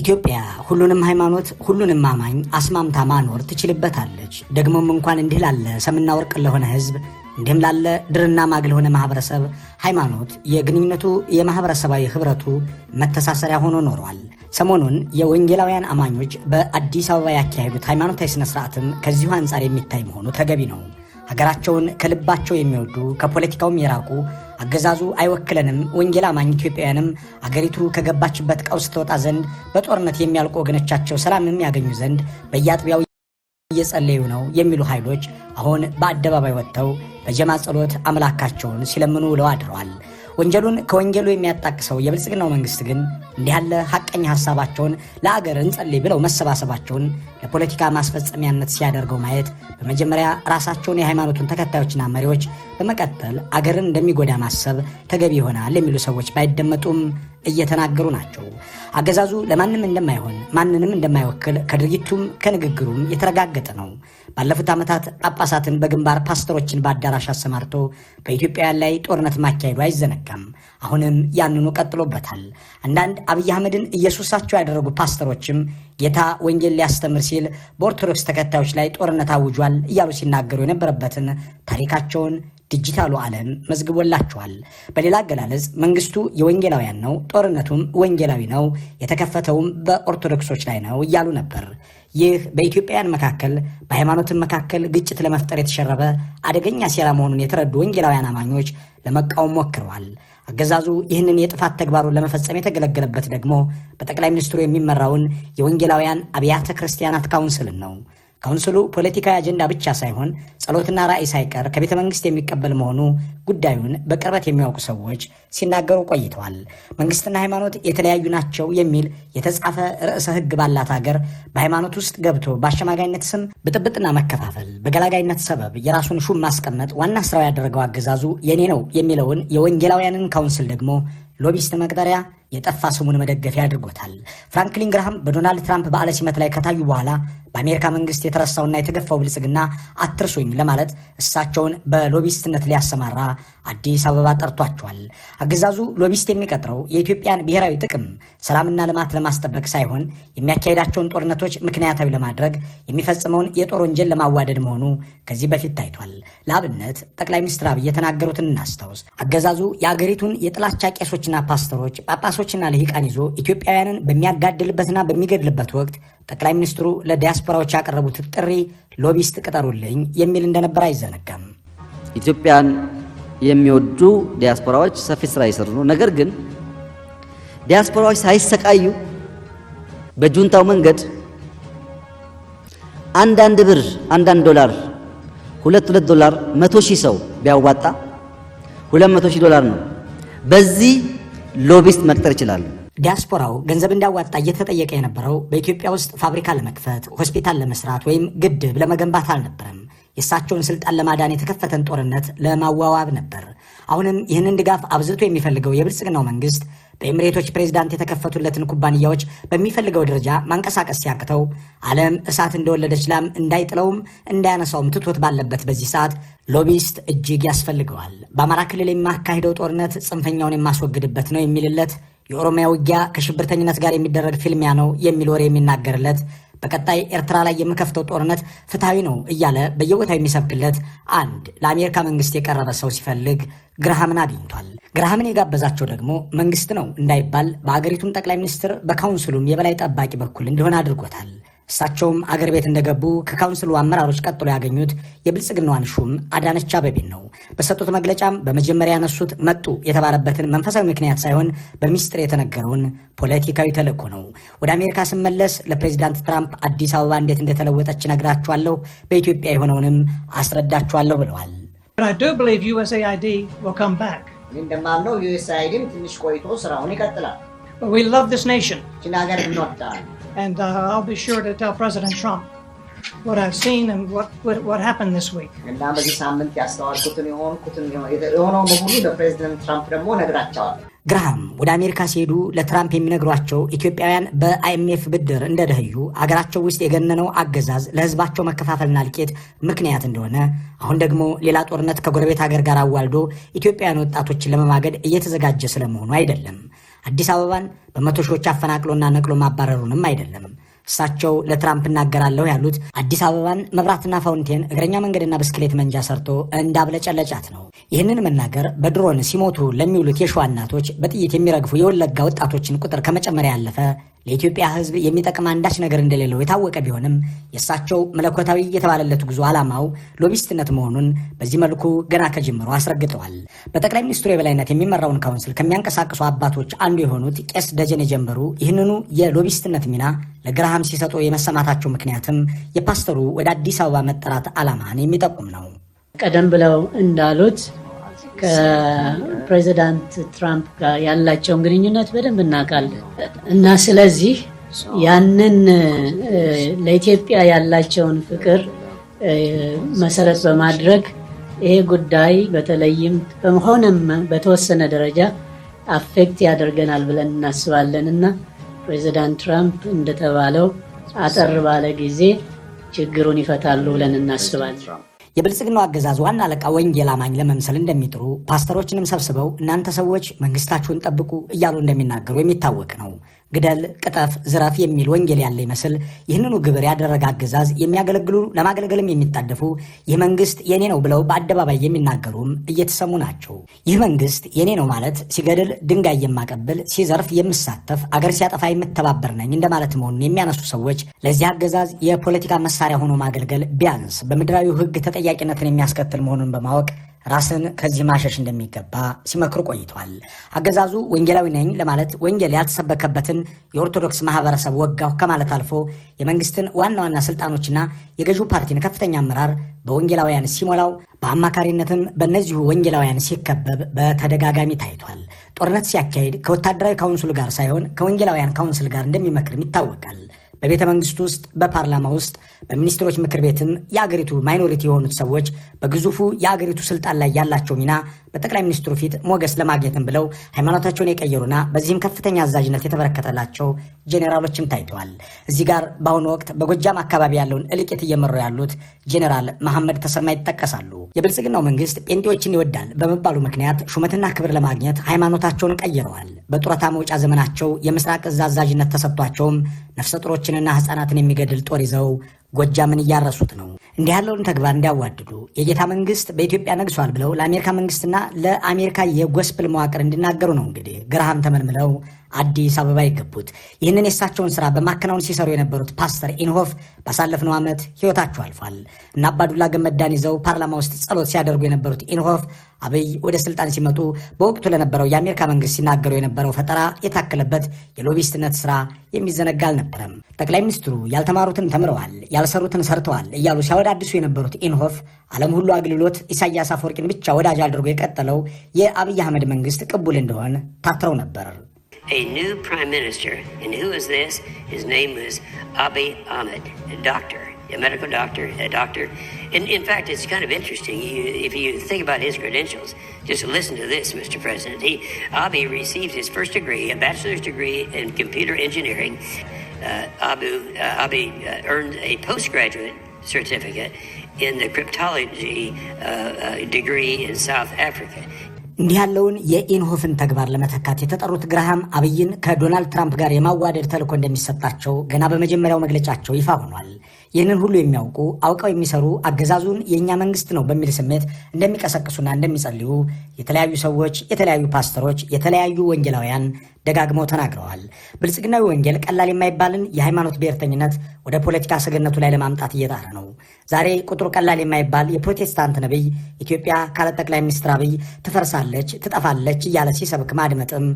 ኢትዮጵያ ሁሉንም ሃይማኖት ሁሉንም አማኝ አስማምታ ማኖር ትችልበታለች። ደግሞም እንኳን እንዲህ ላለ ሰምና ወርቅ ለሆነ ህዝብ እንዲህም ላለ ድርና ማግ ለሆነ ማህበረሰብ ሃይማኖት የግንኙነቱ የማህበረሰባዊ ህብረቱ መተሳሰሪያ ሆኖ ኖሯል። ሰሞኑን የወንጌላውያን አማኞች በአዲስ አበባ ያካሄዱት ሃይማኖታዊ ስነ ስርዓትም ከዚሁ አንጻር የሚታይ መሆኑ ተገቢ ነው። ሀገራቸውን ከልባቸው የሚወዱ ከፖለቲካውም የራቁ አገዛዙ አይወክለንም፣ ወንጌል አማኝ ኢትዮጵያውያንም አገሪቱ ከገባችበት ቀውስ ተወጣ ዘንድ በጦርነት የሚያልቁ ወገኖቻቸው ሰላምም ያገኙ ዘንድ በየአጥቢያው እየጸለዩ ነው የሚሉ ኃይሎች አሁን በአደባባይ ወጥተው በጀማ ጸሎት አምላካቸውን ሲለምኑ ውለው አድረዋል። ወንጀሉን ከወንጀሉ የሚያጣቅሰው የብልጽግናው መንግስት ግን እንዲህ ያለ ሀቀኛ ሀሳባቸውን ለአገር እንጸልይ ብለው መሰባሰባቸውን ለፖለቲካ ማስፈጸሚያነት ሲያደርገው ማየት በመጀመሪያ ራሳቸውን የሃይማኖቱን ተከታዮችና መሪዎች፣ በመቀጠል አገርን እንደሚጎዳ ማሰብ ተገቢ ይሆናል የሚሉ ሰዎች ባይደመጡም እየተናገሩ ናቸው። አገዛዙ ለማንም እንደማይሆን ማንንም እንደማይወክል ከድርጊቱም ከንግግሩም የተረጋገጠ ነው። ባለፉት ዓመታት ጳጳሳትን በግንባር ፓስተሮችን በአዳራሽ አሰማርቶ በኢትዮጵያውያን ላይ ጦርነት ማካሄዱ አይዘነጋም። አሁንም ያንኑ ቀጥሎበታል። አንዳንድ አብይ አህመድን ኢየሱሳቸው ያደረጉ ፓስተሮችም ጌታ ወንጌል ሊያስተምር ሲል በኦርቶዶክስ ተከታዮች ላይ ጦርነት አውጇል እያሉ ሲናገሩ የነበረበትን ታሪካቸውን ዲጂታሉ ዓለም መዝግቦላቸዋል። በሌላ አገላለጽ መንግስቱ የወንጌላውያን ነው፣ ጦርነቱም ወንጌላዊ ነው፣ የተከፈተውም በኦርቶዶክሶች ላይ ነው እያሉ ነበር። ይህ በኢትዮጵያውያን መካከል በሃይማኖትን መካከል ግጭት ለመፍጠር የተሸረበ አደገኛ ሴራ መሆኑን የተረዱ ወንጌላውያን አማኞች ለመቃወም ሞክረዋል። አገዛዙ ይህንን የጥፋት ተግባሩን ለመፈጸም የተገለገለበት ደግሞ በጠቅላይ ሚኒስትሩ የሚመራውን የወንጌላውያን አብያተ ክርስቲያናት ካውንስልን ነው። ካውንስሉ ፖለቲካዊ አጀንዳ ብቻ ሳይሆን ጸሎትና ራዕይ ሳይቀር ከቤተ መንግስት የሚቀበል መሆኑ ጉዳዩን በቅርበት የሚያውቁ ሰዎች ሲናገሩ ቆይተዋል። መንግስትና ሃይማኖት የተለያዩ ናቸው የሚል የተጻፈ ርዕሰ ሕግ ባላት ሀገር በሃይማኖት ውስጥ ገብቶ በአሸማጋይነት ስም ብጥብጥና መከፋፈል፣ በገላጋይነት ሰበብ የራሱን ሹም ማስቀመጥ ዋና ስራው ያደረገው አገዛዙ የኔ ነው የሚለውን የወንጌላውያንን ካውንስል ደግሞ ሎቢስት መቅጠሪያ የጠፋ ስሙን መደገፊያ አድርጎታል። ፍራንክሊን ግርሃም በዶናልድ ትራምፕ በዓለ ሲመት ላይ ከታዩ በኋላ በአሜሪካ መንግስት የተረሳውና የተገፋው ብልጽግና አትርሱኝ ለማለት እሳቸውን በሎቢስትነት ሊያሰማራ አዲስ አበባ ጠርቷቸዋል። አገዛዙ ሎቢስት የሚቀጥረው የኢትዮጵያን ብሔራዊ ጥቅም ሰላምና ልማት ለማስጠበቅ ሳይሆን የሚያካሄዳቸውን ጦርነቶች ምክንያታዊ ለማድረግ የሚፈጽመውን የጦር ወንጀል ለማዋደድ መሆኑ ከዚህ በፊት ታይቷል። ለአብነት ጠቅላይ ሚኒስትር አብይ የተናገሩትን እናስታውስ። አገዛዙ የአገሪቱን የጥላቻ ቄሶችና ፓስተሮች፣ ጳጳሶችና ልሂቃን ይዞ ኢትዮጵያውያንን በሚያጋድልበትና በሚገድልበት ወቅት ጠቅላይ ሚኒስትሩ ለዲያስፖራዎች ያቀረቡት ጥሪ ሎቢስት ቅጠሩልኝ የሚል እንደነበር አይዘነጋም። ኢትዮጵያን የሚወዱ ዲያስፖራዎች ሰፊ ስራ ይሰሩ ነው። ነገር ግን ዲያስፖራዎች ሳይሰቃዩ በጁንታው መንገድ አንዳንድ ብር አንዳንድ ዶላር ሁለት ሁለት ዶላር መቶ ሺህ ሰው ቢያዋጣ ሁለት መቶ ሺህ ዶላር ነው። በዚህ ሎቢስት መቅጠር ይችላል። ዲያስፖራው ገንዘብ እንዲያዋጣ እየተጠየቀ የነበረው በኢትዮጵያ ውስጥ ፋብሪካ ለመክፈት ሆስፒታል ለመስራት ወይም ግድብ ለመገንባት አልነበረም። የእሳቸውን ስልጣን ለማዳን የተከፈተን ጦርነት ለማዋዋብ ነበር። አሁንም ይህንን ድጋፍ አብዝቶ የሚፈልገው የብልጽግናው መንግስት በኤምሬቶች ፕሬዝዳንት የተከፈቱለትን ኩባንያዎች በሚፈልገው ደረጃ ማንቀሳቀስ ሲያቅተው ዓለም እሳት እንደወለደች ላም እንዳይጥለውም እንዳያነሳውም ትቶት ባለበት በዚህ ሰዓት ሎቢስት እጅግ ያስፈልገዋል። በአማራ ክልል የማካሄደው ጦርነት ጽንፈኛውን የማስወግድበት ነው የሚልለት፣ የኦሮሚያ ውጊያ ከሽብርተኝነት ጋር የሚደረግ ፊልሚያ ነው የሚል ወሬ የሚናገርለት በቀጣይ ኤርትራ ላይ የምከፍተው ጦርነት ፍትሐዊ ነው እያለ በየቦታው የሚሰብክለት አንድ ለአሜሪካ መንግስት የቀረበ ሰው ሲፈልግ ግርሃምን አግኝቷል። ግርሃምን የጋበዛቸው ደግሞ መንግስት ነው እንዳይባል በአገሪቱም ጠቅላይ ሚኒስትር በካውንስሉም የበላይ ጠባቂ በኩል እንዲሆን አድርጎታል። እሳቸውም አገር ቤት እንደገቡ ከካውንስሉ አመራሮች ቀጥሎ ያገኙት የብልጽግናዋን ሹም አዳነች አቤቤን ነው። በሰጡት መግለጫም በመጀመሪያ ያነሱት መጡ የተባለበትን መንፈሳዊ ምክንያት ሳይሆን በሚስጥር የተነገረውን ፖለቲካዊ ተልእኮ ነው። ወደ አሜሪካ ስመለስ ለፕሬዚዳንት ትራምፕ አዲስ አበባ እንዴት እንደተለወጠች ነግራችኋለሁ፣ በኢትዮጵያ የሆነውንም አስረዳችኋለሁ ብለዋል። እንደማምነው ዩኤስአይዲም ትንሽ ቆይቶ ስራውን ይቀጥላል። ችን ሀገር እንወዳለን And uh, I'll be sure to tell President Trump what I've seen and what, what, what happened this week. እና ግራሃም ወደ አሜሪካ ሲሄዱ ለትራምፕ የሚነግሯቸው ኢትዮጵያውያን በአይኤምኤፍ ብድር እንደደህዩ አገራቸው ውስጥ የገነነው አገዛዝ ለህዝባቸው መከፋፈልና እልቂት ምክንያት እንደሆነ አሁን ደግሞ ሌላ ጦርነት ከጎረቤት ሀገር ጋር አዋልዶ ኢትዮጵያውያን ወጣቶችን ለመማገድ እየተዘጋጀ ስለመሆኑ አይደለም። አዲስ አበባን በመቶ ሺዎች አፈናቅሎና ነቅሎ ማባረሩንም አይደለም። እሳቸው ለትራምፕ እናገራለሁ ያሉት አዲስ አበባን መብራትና ፋውንቴን፣ እግረኛ መንገድና ብስክሌት መንጃ ሰርቶ እንዳብለጨለጫት ነው። ይህንን መናገር በድሮን ሲሞቱ ለሚውሉት የሸዋ እናቶች፣ በጥይት የሚረግፉ የወለጋ ወጣቶችን ቁጥር ከመጨመሪያ ያለፈ ለኢትዮጵያ ሕዝብ የሚጠቅም አንዳች ነገር እንደሌለው የታወቀ ቢሆንም የእሳቸው መለኮታዊ የተባለለት ጉዞ ዓላማው ሎቢስትነት መሆኑን በዚህ መልኩ ገና ከጀምሮ አስረግጠዋል። በጠቅላይ ሚኒስትሩ የበላይነት የሚመራውን ካውንስል ከሚያንቀሳቅሱ አባቶች አንዱ የሆኑት ቄስ ደጀን የጀመሩ ይህንኑ የሎቢስትነት ሚና ለግርሃም ሲሰጡ የመሰማታቸው ምክንያትም የፓስተሩ ወደ አዲስ አበባ መጠራት ዓላማን የሚጠቁም ነው። ቀደም ብለው እንዳሉት ከፕሬዚዳንት ትራምፕ ጋር ያላቸውን ግንኙነት በደንብ እናውቃለን እና ስለዚህ ያንን ለኢትዮጵያ ያላቸውን ፍቅር መሰረት በማድረግ ይሄ ጉዳይ በተለይም በመሆነም በተወሰነ ደረጃ አፌክት ያደርገናል ብለን እናስባለን እና ፕሬዚዳንት ትራምፕ እንደተባለው አጠር ባለ ጊዜ ችግሩን ይፈታሉ ብለን እናስባለን። የብልጽግናው አገዛዝ ዋና አለቃ ወንጌል አማኝ ለመምሰል እንደሚጥሩ ፓስተሮችንም ሰብስበው እናንተ ሰዎች መንግስታችሁን ጠብቁ እያሉ እንደሚናገሩ የሚታወቅ ነው። ግደል፣ ቅጠፍ፣ ዝረፍ የሚል ወንጌል ያለ ይመስል ይህንኑ ግብር ያደረገ አገዛዝ የሚያገለግሉ ለማገልገልም የሚታደፉ ይህ መንግስት የኔ ነው ብለው በአደባባይ የሚናገሩም እየተሰሙ ናቸው። ይህ መንግስት የኔ ነው ማለት ሲገድል ድንጋይ የማቀብል፣ ሲዘርፍ የምሳተፍ፣ አገር ሲያጠፋ የምተባበር ነኝ እንደማለት መሆኑን የሚያነሱ ሰዎች ለዚህ አገዛዝ የፖለቲካ መሳሪያ ሆኖ ማገልገል ቢያንስ በምድራዊ ህግ ተጠያቂነትን የሚያስከትል መሆኑን በማወቅ ራስን ከዚህ ማሸሽ እንደሚገባ ሲመክሩ ቆይተዋል። አገዛዙ ወንጌላዊ ነኝ ለማለት ወንጌል ያልተሰበከበትን የኦርቶዶክስ ማህበረሰብ ወጋሁ ከማለት አልፎ የመንግስትን ዋና ዋና ስልጣኖችና የገዢው ፓርቲን ከፍተኛ አመራር በወንጌላውያን ሲሞላው በአማካሪነትም በእነዚሁ ወንጌላውያን ሲከበብ በተደጋጋሚ ታይቷል። ጦርነት ሲያካሂድ ከወታደራዊ ካውንስሉ ጋር ሳይሆን ከወንጌላውያን ካውንስል ጋር እንደሚመክርም ይታወቃል። በቤተ መንግስት ውስጥ፣ በፓርላማ ውስጥ፣ በሚኒስትሮች ምክር ቤትም የአገሪቱ ማይኖሪቲ የሆኑት ሰዎች በግዙፉ የአገሪቱ ስልጣን ላይ ያላቸው ሚና በጠቅላይ ሚኒስትሩ ፊት ሞገስ ለማግኘትም ብለው ሃይማኖታቸውን የቀየሩና በዚህም ከፍተኛ አዛዥነት የተበረከተላቸው ጄኔራሎችም ታይተዋል። እዚህ ጋር በአሁኑ ወቅት በጎጃም አካባቢ ያለውን እልቂት እየመሩ ያሉት ጄኔራል መሐመድ ተሰማ ይጠቀሳሉ። የብልጽግናው መንግስት ጴንጤዎችን ይወዳል በመባሉ ምክንያት ሹመትና ክብር ለማግኘት ሃይማኖታቸውን ቀይረዋል። በጡረታ መውጫ ዘመናቸው የምስራቅ እዝ አዛዥነት ተሰጥቷቸውም ነፍሰ ጡሮችንና ህፃናትን የሚገድል ጦር ይዘው ጎጃምን እያረሱት ነው። እንዲህ ያለውን ተግባር እንዲያዋድዱ የጌታ መንግስት በኢትዮጵያ ነግሷል ብለው ለአሜሪካ መንግስትና ለአሜሪካ የጎስፕል መዋቅር እንዲናገሩ ነው እንግዲህ ግርሃም ተመልምለው አዲስ አበባ የገቡት። ይህንን የእሳቸውን ስራ በማከናወን ሲሰሩ የነበሩት ፓስተር ኢንሆፍ ባሳለፍነው ዓመት ህይወታቸው አልፏል እና አባዱላ ገመዳን ይዘው ፓርላማ ውስጥ ጸሎት ሲያደርጉ የነበሩት ኢንሆፍ አብይ ወደ ስልጣን ሲመጡ በወቅቱ ለነበረው የአሜሪካ መንግስት ሲናገሩ የነበረው ፈጠራ የታከለበት የሎቢስትነት ስራ የሚዘነጋ አልነበረም። ጠቅላይ ሚኒስትሩ ያልተማሩትን ተምረዋል፣ ያልሰሩትን ሰርተዋል እያሉ ሲያወዳድሱ የነበሩት ኢንሆፍ ዓለም ሁሉ አገልግሎት ኢሳያስ አፈወርቂን ብቻ ወዳጅ አድርጎ የቀጠለው የአብይ አህመድ መንግስት ቅቡል እንደሆን ታትረው ነበር። a new prime minister. And who is this? His name was Abiy Ahmed, a doctor, a medical doctor, a doctor. And in fact, it's kind of interesting you, if you think about his credentials. Just listen to this, Mr. President. He, Abiy received his first degree, a bachelor's degree in computer engineering. Uh, Abu, uh, Abiy uh, earned a postgraduate certificate in the cryptology uh, uh, degree in South Africa. እንዲህ ያለውን የኢንሆፍን ተግባር ለመተካት የተጠሩት ግርሃም አብይን ከዶናልድ ትራምፕ ጋር የማዋደድ ተልኮ እንደሚሰጣቸው ገና በመጀመሪያው መግለጫቸው ይፋ ሆኗል። ይህንን ሁሉ የሚያውቁ አውቀው የሚሰሩ አገዛዙን የእኛ መንግስት ነው በሚል ስሜት እንደሚቀሰቅሱና እንደሚጸልዩ የተለያዩ ሰዎች፣ የተለያዩ ፓስተሮች፣ የተለያዩ ወንጌላውያን ደጋግመው ተናግረዋል። ብልጽግናዊ ወንጌል ቀላል የማይባልን የሃይማኖት ብሔርተኝነት ወደ ፖለቲካ ሰገነቱ ላይ ለማምጣት እየጣረ ነው። ዛሬ ቁጥሩ ቀላል የማይባል የፕሮቴስታንት ነቢይ ኢትዮጵያ ካለ ጠቅላይ ሚኒስትር አብይ ትፈርሳለች፣ ትጠፋለች እያለ ሲሰብክ ማድመጥም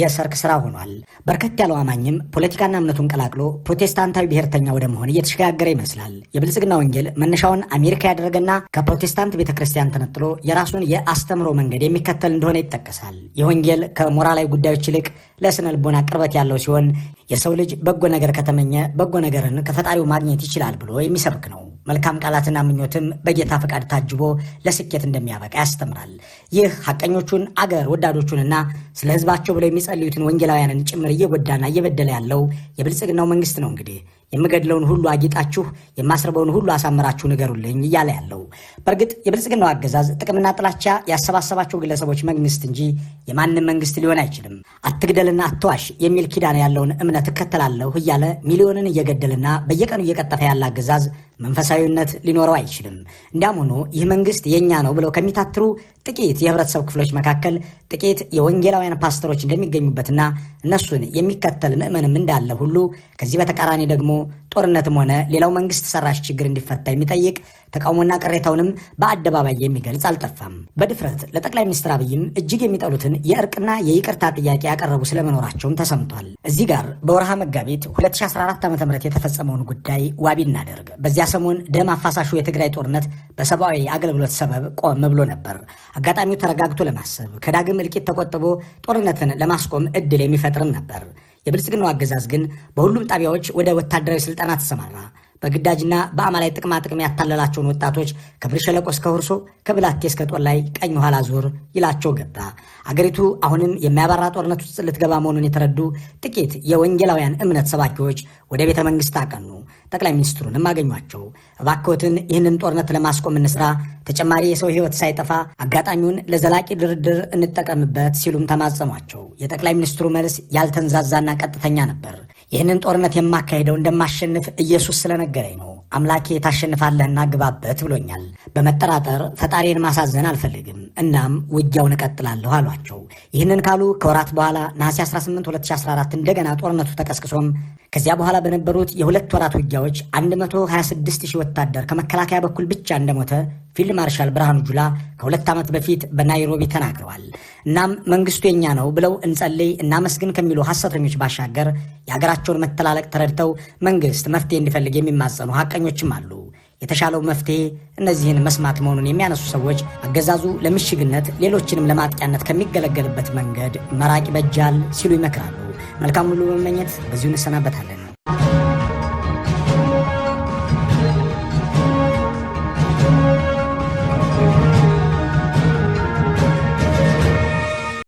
የሰርክ ስራ ሆኗል። በርከት ያለው አማኝም ፖለቲካና እምነቱን ቀላቅሎ ፕሮቴስታንታዊ ብሔርተኛ ወደ መሆን እየተሸጋገረ ይመስላል። የብልጽግና ወንጌል መነሻውን አሜሪካ ያደረገና ከፕሮቴስታንት ቤተ ክርስቲያን ተነጥሎ የራሱን የአስተምሮ መንገድ የሚከተል እንደሆነ ይጠቀሳል። ይህ ወንጌል ከሞራላዊ ጉዳዮች ይልቅ ለስነ ልቦና ቅርበት ያለው ሲሆን የሰው ልጅ በጎ ነገር ከተመኘ በጎ ነገርን ከፈጣሪው ማግኘት ይችላል ብሎ የሚሰብክ ነው። መልካም ቃላትና ምኞትም በጌታ ፈቃድ ታጅቦ ለስኬት እንደሚያበቃ ያስተምራል። ይህ ሐቀኞቹን አገር ወዳዶቹንና ስለ ሕዝባቸው ብለው የሚጸልዩትን ወንጌላውያንን ጭምር እየጎዳና እየበደለ ያለው የብልጽግናው መንግስት ነው። እንግዲህ የምገድለውን ሁሉ አጊጣችሁ የማስርበውን ሁሉ አሳምራችሁ ንገሩልኝ እያለ ያለው በእርግጥ የብልጽግናው አገዛዝ ጥቅምና ጥላቻ ያሰባሰባቸው ግለሰቦች መንግስት እንጂ የማንም መንግስት ሊሆን አይችልም። አትግደልና አትዋሽ የሚል ኪዳን ያለውን እምነት እከተላለሁ እያለ ሚሊዮንን እየገደልና በየቀኑ እየቀጠፈ ያለ አገዛዝ መንፈሳዊነት ሊኖረው አይችልም። እንዲያም ሆኖ ይህ መንግስት የእኛ ነው ብለው ከሚታትሩ ጥቂት የህብረተሰብ ክፍሎች መካከል ጥቂት የወንጌላውያን ፓስተሮች እንደሚገኙበትና እነሱን የሚከተል ምዕመንም እንዳለ ሁሉ ከዚህ በተቃራኒ ደግሞ ጦርነትም ሆነ ሌላው መንግስት ሰራሽ ችግር እንዲፈታ የሚጠይቅ ተቃውሞና ቅሬታውንም በአደባባይ የሚገልጽ አልጠፋም። በድፍረት ለጠቅላይ ሚኒስትር አብይም እጅግ የሚጠሉትን የእርቅና የይቅርታ ጥያቄ ያቀረቡ ስለመኖራቸውም ተሰምቷል። እዚህ ጋር በወርሃ መጋቢት 2014 ዓ ም የተፈጸመውን ጉዳይ ዋቢ እናደርግ። በዚያ ሰሞን ደም አፋሳሹ የትግራይ ጦርነት በሰብአዊ አገልግሎት ሰበብ ቆም ብሎ ነበር። አጋጣሚው ተረጋግቶ ለማሰብ ከዳግም እልቂት ተቆጥቦ ጦርነትን ለማስቆም እድል የሚፈጥርም ነበር። የብልጽግናው አገዛዝ ግን በሁሉም ጣቢያዎች ወደ ወታደራዊ ስልጠና ተሰማራ። በግዳጅና በአማላይ ጥቅማ ጥቅም ያታለላቸውን ወጣቶች ከብር ሸለቆ እስከ ሁርሶ ከብላቴ እስከ ጦር ላይ ቀኝ ኋላ ዙር ይላቸው ገባ። አገሪቱ አሁንም የሚያባራ ጦርነት ውስጥ ልትገባ መሆኑን የተረዱ ጥቂት የወንጌላውያን እምነት ሰባኪዎች ወደ ቤተ መንግስት አቀኑ። ጠቅላይ ሚኒስትሩንም አገኟቸው። እባክዎትን ይህንን ጦርነት ለማስቆም እንስራ፣ ተጨማሪ የሰው ህይወት ሳይጠፋ አጋጣሚውን ለዘላቂ ድርድር እንጠቀምበት ሲሉም ተማጸሟቸው። የጠቅላይ ሚኒስትሩ መልስ ያልተንዛዛና ቀጥተኛ ነበር። ይህንን ጦርነት የማካሄደው እንደማሸንፍ ኢየሱስ ስለነገረኝ ነው። አምላኬ ታሸንፋለህና ግባበት ብሎኛል። በመጠራጠር ፈጣሪን ማሳዘን አልፈልግም። እናም ውጊያውን እቀጥላለሁ አሏቸው። ይህንን ካሉ ከወራት በኋላ ነሐሴ 18 2014 እንደገና ጦርነቱ ተቀስቅሶም ከዚያ በኋላ በነበሩት የሁለት ወራት ውጊያዎች 126 ሺህ ወታደር ከመከላከያ በኩል ብቻ እንደሞተ ፊልድ ማርሻል ብርሃኑ ጁላ ከሁለት ዓመት በፊት በናይሮቢ ተናግረዋል። እናም መንግስቱ የኛ ነው ብለው እንጸልይ እናመስግን ከሚሉ ሐሰተኞች ባሻገር የሀገራቸውን መተላለቅ ተረድተው መንግስት መፍትሄ እንዲፈልግ የሚማጸኑ ሐቀኞችም አሉ። የተሻለው መፍትሄ እነዚህን መስማት መሆኑን የሚያነሱ ሰዎች አገዛዙ ለምሽግነት ሌሎችንም ለማጥቂያነት ከሚገለገልበት መንገድ መራቅ ይበጃል ሲሉ ይመክራሉ። መልካም ሁሉ በመመኘት በዚሁ እንሰናበታለን።